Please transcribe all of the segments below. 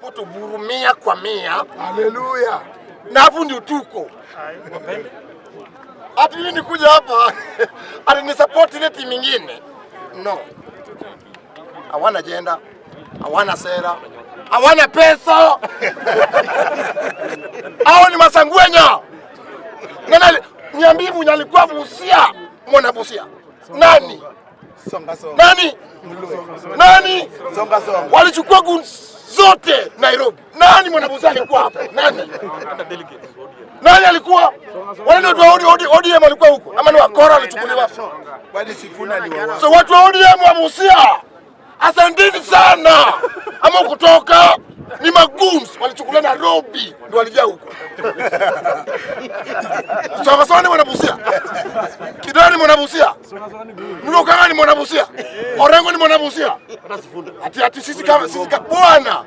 kutuburumia kwa mia. Haleluya! na hapo ndio tuko Ati mimi nikuja hapa ati ni support ile timu nyingine. No, hawana jenda hawana sera, hawana pesa hao ni masangwenya. Nyambibu nyalikuwa Busia, mwana Busia nani? Songa songa. Nani? Nani? Songa songa. Walichukua guns zote Nairobi. Nani mwanabuzi alikuwa hapo? Nani? Nani alikuwa? Wale ndio wa ODM alikuwa huko. Ama ni wakora alichukuliwa. Bali Sifuna ni wao. So watu wa ODM wa Busia. Asanteni sana. Ama kutoka ni magums walichukulia Nairobi ndo walijaa huko sawasawa. Ni mwanabusia Kidani, ni mwanabusia Mlukanga, ni mwanabusia Orengo, ni mwanabusia ati ati sisi kama sisi kama bwana,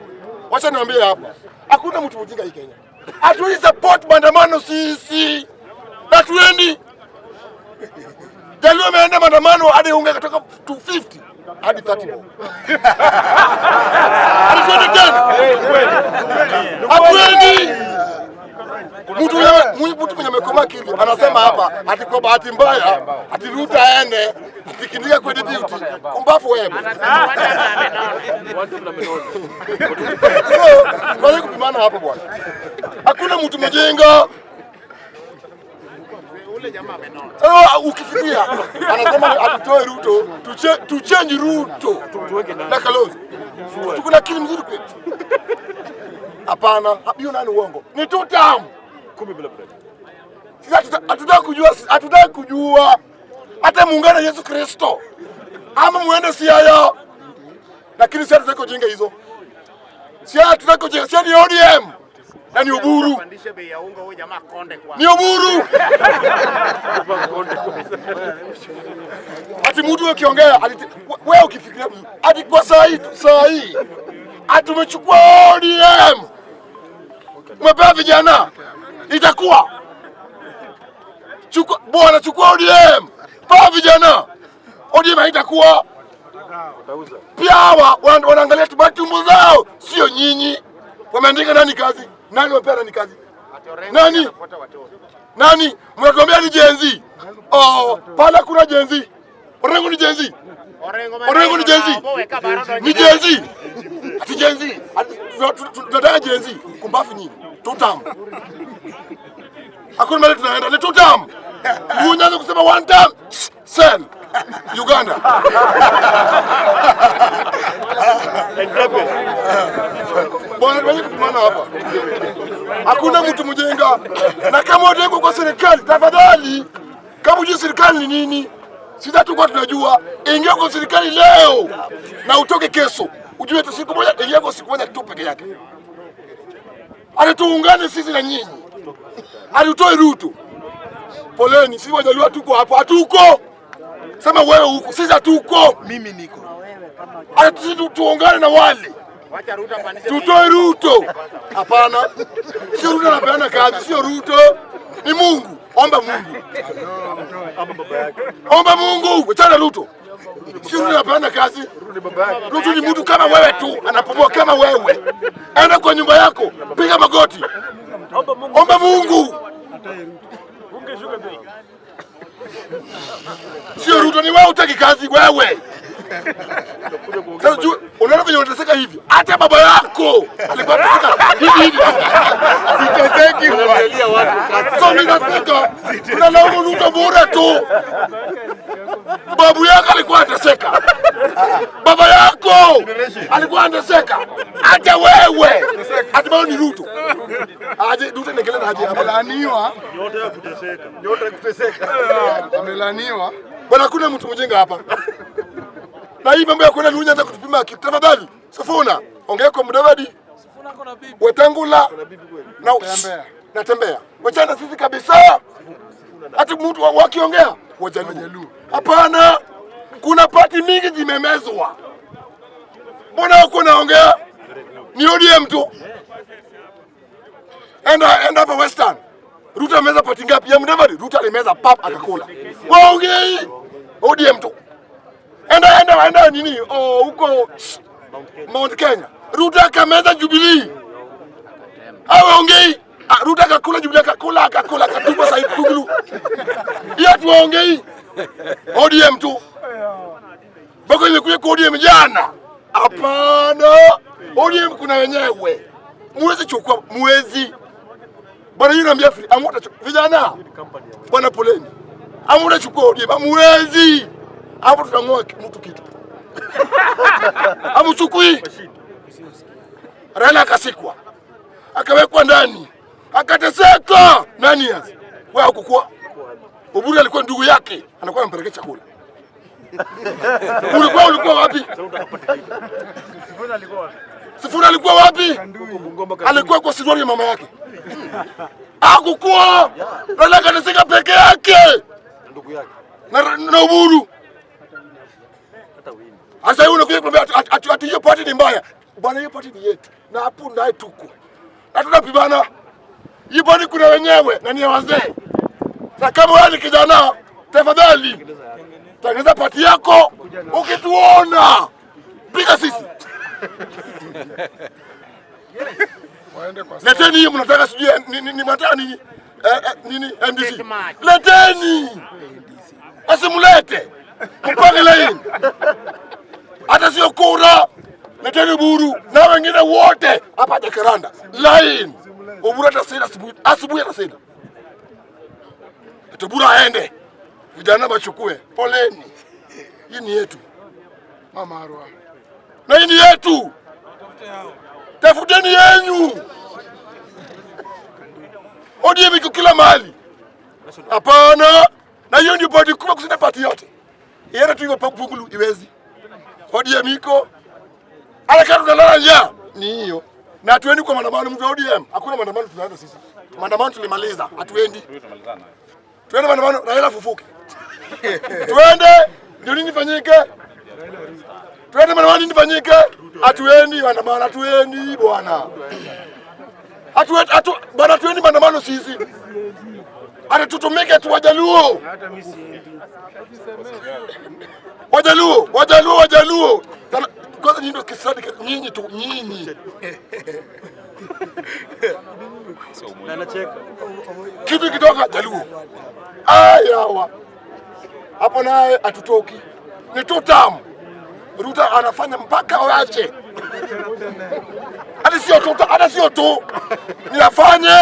wacha niambie hapa, hakuna mtu mjinga hii Kenya. Hatuwezi support maandamano sisi, hatuendi Jalio yaani ameenda maandamano hadi unge kutoka 250 hadi 30. Alikwenda tena. Akweli. Mtu mtu mwenye amekomaa kili anasema hapa ati kwa bahati mbaya ati Ruto aende atikindika kwenye duty. Kumbafu wewe. So, kwa kupimana hapa bwana. Hakuna mtu mjenga yule jamaa amenona. Uh, ah, ukifikiria anasema atutoe Ruto tuche, tuchange Ruto na Kalonzo, tuko na kili mzuri kwetu. Hapana, hiyo nani uongo, ni tu kumi bila bread. Sisi hatutaki kujua, hatutaki kujua hata muungano Yesu Kristo ama muende Siaya, lakini sisi hatutaki kujenga hizo, sisi hatutaki kujenga, sisi ni ODM na yaani ni uburu, ni uburu. Ati mtu ukiongea wewe, ukifikiria ati kwa saa hii saa hii ati umechukua ODM umepea vijana, itakuwa chukua bwana, chukua ODM pea vijana, ODM haitakuwa pia. Hawa wanaangalia tumatumbo zao, sio nyinyi. Wameandika nani kazi? Nani wapea nani kazi? Nani? Nani? Mwagombea ni jenzi. Oh, pala kuna jenzi. Orengo ni jenzi. Orengo ni jenzi. Ni jenzi. Ati jenzi. Tunataka jenzi. Kumbafu nini? Tutam. Hakuna mahali tunaenda ni tutam. Unaweza kusema one time. Sell. Uganda. hapa, hakuna mtu mjenga. Na kama watu kwa serikali, tafadhali, kama unajua serikali ni nini, sisi hatukuwa tunajua. Ingia kwa serikali leo na utoke kesho, ujue tu siku moja, ingia kwa siku moja tu peke yake, alituungane sisi na nyinyi, alitoe Ruto. Poleni, sisi wajaliwa tuko hapo, hatuko sema wewe huko, sisi hatuko. Mimi niko, tuungane na wale Tutoe Ruto. Hapana, sio Ruto anapeana kazi, sio Ruto, ni Mungu. Omba Mungu, omba Mungu, wachana Ruto. Si Ruto anapeana kazi. Ruto ni mtu kama wewe tu, anapumua kama wewe. Enda kwa nyumba yako, piga magoti, omba Mungu. Sio Ruto, ni wewe utaki kazi wewe Unaona venye unateseka hivi, hata baba yako alikuwa anateseka hivi hivi. Siteseki so ninateseka, unalaumu Ruto bure tu. Babu yako alikuwa anateseka, baba yako alikuwa anateseka, hata wewe hatimaye ni Ruto aje Ruto nekele na haja amelaaniwa, yote ya kuteseka, yote ya kuteseka amelaaniwa. Bwana, kuna mtu mjinga hapa na hii mambo ya kwenda Lunya za kutupima kitu. Tafadhali Sifuna, ongea kwa Mudavadi. Sifuna Wetangula. Na natembea. Natembea. Wachana sisi kabisa. Hata mtu wakiongea wajaluo. Hapana. Kuna pati mingi zimemezwa. Mbona uko naongea? Ni ODM tu. Enda enda hapa Western. Ruta ameza pati ngapi? Ya Mudavadi, Ruta alimeza pap akakula. Waongei. ODM tu enda enda enda nini oh, huko oh, Mount Kenya. Ruto akameza Jubilee aweongei ah, Ruto akakula Jubilee akakula akakula akatupa Said Kugulu ongei. ODM tu Boko imekuja kwa ODM jana. Hapana, ODM kuna wenyewe, muwezi chukua, muwezi bwana. Yule anambia vijana, bwana poleni, chukua ODM, muwezi hapo tutang'oa mtu kitu amuchukui Rana akasikwa akawekwa ndani akateseka. Nani yasi wewe Hukukua Oburi alikuwa ndugu yake, anakuwa anampelekea chakula. Ulikuwa ulikuwa wapi? Sifuna alikuwa wapi? Alikuwa kwa sidori ya mama yake. Hakukua Rana akateseka peke yake na Oburu sasa hiyo unakuja kumwambia ati hiyo party ni mbaya. Bwana hiyo party ni yetu. Na hapo naye tuko. Na tunapibana. Hiyo party kuna wenyewe na ni wazee. Sasa kama wewe ni kijana, tafadhali Tangaza party yako. Ukituona piga sisi. Leteni hiyo mnataka sijui ni ni ni mataa nini? Eh, eh, nini MDC? Leteni. Asimulete. Mpange laini hata sio kura. Leteni Buru na wengine wote hapa Jacaranda line Oburu atasaidia asubuhi, asubuhi atasaidia. Buru aende, vijana wachukue. Poleni, hii ni yetu mama Arua, na hii ni yetu, tafuteni yenyu. ODM iko kila mahali, hapana. Na hiyo ndio bodi kubwa pati yote, iende tu hiyo Pangulu iwezi ODM iko alaka, tunalala alakatunananja ni hiyo, na hatuendi kwa maandamano. Mtu wa ODM hakuna maandamano tunaenda sisi, maandamano tulimaliza, hatuendi. Tuende maandamano, Raila fufuke, tuende ndio nini fanyike, tuende maandamano nini fanyike, hatuendi maandamano, hatuendi bwana, hatuendi maandamano sisi Ati tu Wajaluo, Wajaluo, Wajaluo, Wajaluo. Kwanza ndio kisadi nyinyi tu nyinyi kitu kitoka Jaluo ayawa hapo, naye atutoki ni tutam Ruta anafanya mpaka waache hata sio tu, hata sio tu, niafanye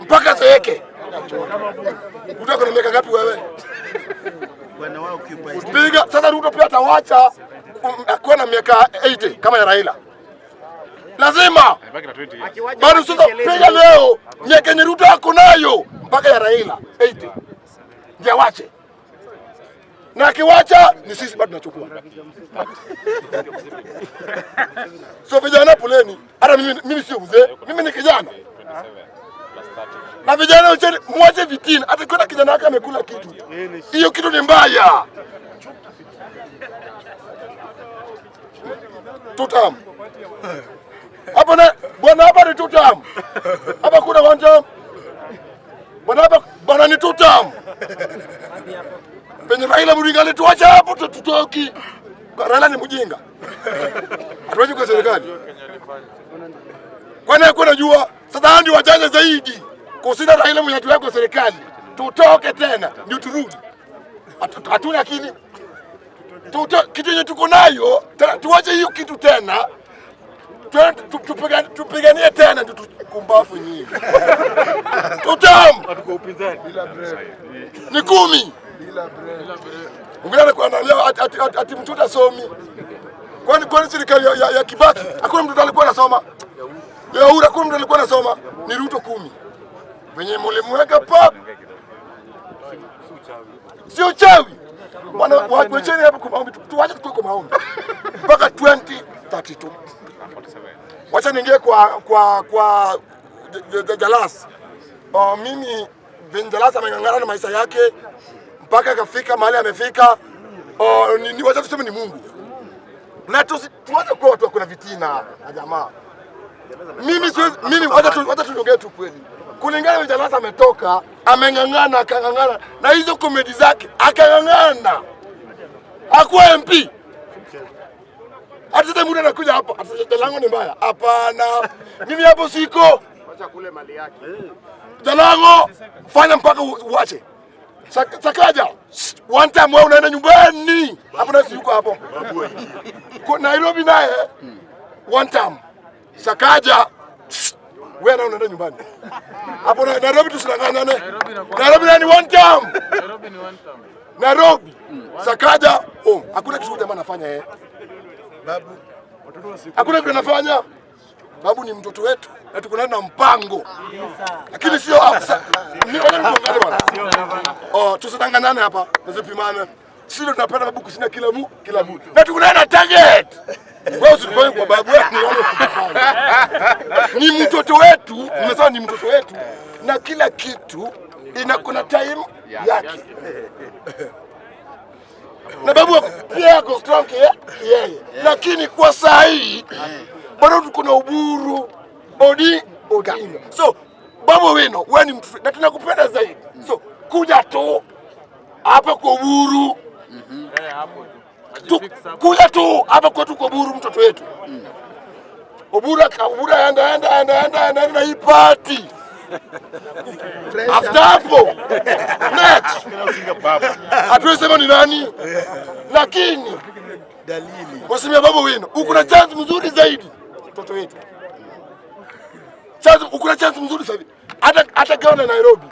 mpaka zeeke. Utaka na miaka ngapi wewe? Bwana wao kipa. Upiga sasa Ruto pia atawacha akuwa na miaka 80 kama ya Raila. Lazima. Bado sasa piga leo miaka yenye Ruto ako nayo mpaka ya Raila 80. Ndio wache. Na akiwacha ni sisi bado tunachukua. So vijana puleni Hata mimi mimi sio mzee. Mimi ni kijana na vijana wacheni, mwache vitina. kuna kijana wake amekula kitu, hiyo kitu ni mbaya. Tutam hapo na bwana hapa ni tutam hapa, kuna wanja bwana hapa bwana ni tutam penye Raila Odinga alituacha hapo, tutoki. Raila ni mjinga, hatuwezi kwa serikali, kwani hakuna jua sasa hao ndio wajanja zaidi kusina na ile mnyatu yako serikali. Tutoke tena ndio turudi, hatuna akili kitu yenye tuko nayo tena, tuache hiyo kitu tena, tupiganie tena ndio tukumbafu nyingi tutam atuko upinzani bila ni kumi bila kwa ati ati, mtoto asomi. Kwani kwani serikali ya Kibaki hakuna mtoto alikuwa anasoma? ura kumi ndo alikuwa anasoma ni Ruto kumi, venye mulimweka pap, sio uchawi. Wacheni hapa kwa maombi, tuwache tukue kwa maombi mpaka 2032 wacha niingie kwa kwa kwa Jalas. Uh, mimi venye Jalas ameng'ang'ana na maisha yake mpaka akafika mahali amefika. Uh, ni, ni wacha tuseme ni Mungu na tuwache kuwa watu wako na vitina na jamaa mimi siwezi mimi, wacha tuongee tu kweli. Kulingana na Jalasa ametoka, ameng'ang'ana akang'ang'ana na hizo komedi zake akang'ang'ana, hakuwa MP. Hata sasa mtu anakuja hapa, Jalango ni mbaya. Hapana, mimi hapo siko. Acha kule mali yake. Jalango fanya mpaka uache. Sakaja one time, wewe unaenda nyumbani hapo, nasi yuko hapo Nairobi naye one time Sakaja wewe na unaenda nyumbani. Hapo na Nairobi tusidanganyane. Nairobi ni one term. Nairobi ni one term. Nairobi. Sakaja home. Oh, hakuna kitu jamaa anafanya yeye. Babu watoto wasiku. Hakuna kitu anafanya. Babu ni mtoto wetu na tuko na mpango. Lakini sio hapa. Ah, ni ona bwana. Oh, tusidanganyane hapa. Tusipimane sisi tunapanda mabuku sina kila mu kila mtu na tunaenda target. Wewe usifanye kwa babu wetu, ni mtoto wetu, unasema ni mtoto wetu na kila kitu ina kuna time yake na babu pia yako strong yeye, lakini kwa saa hii bado tuko na uburu bodi odinga. So babu wino, wewe ni na tunakupenda zaidi, so kuja tu hapa kwa uburu Eh, tu kuja tu hapa kwetu kwa Buru, mtoto wetu mm. Oburu Oburu enda enda enda enda na hii party After hapo next hatuwezi sema ni nani, lakini dalili wasimia babo wino uko na chance mzuri zaidi mtoto wetu chance uko na chance mzuri zaidi hata hata gaona Nairobi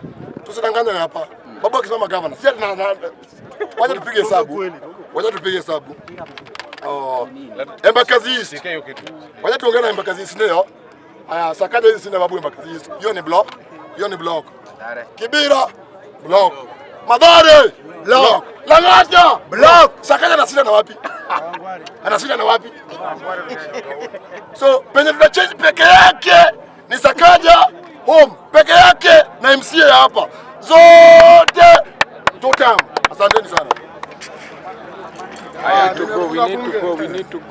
tusidanganyane hapa. Babu akisimama gavana. Sisi na, wacha tupige hesabu. Wacha tupige hesabu. Oh, Embakazi East. Wacha tuongee na Embakazi East ndio. Aya, sakaja hizi sina babu Embakazi East. Hiyo ni block. Hiyo ni block. Kibira block. Madhare block. Langata block. Sakaja na sina na wapi? Anashinda na wapi? So penye tuna change peke yake ni Sakaja home peke yake na MCA hapa zote totam. Asanteni sana.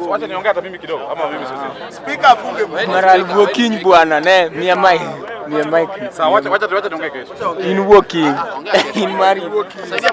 Wacha niongee hata mimi kidogo ama mimi sasa. Speaker afunge mara bwana ne mia mic. Mia wacha wacha tuongee kesho. In walking. In mari.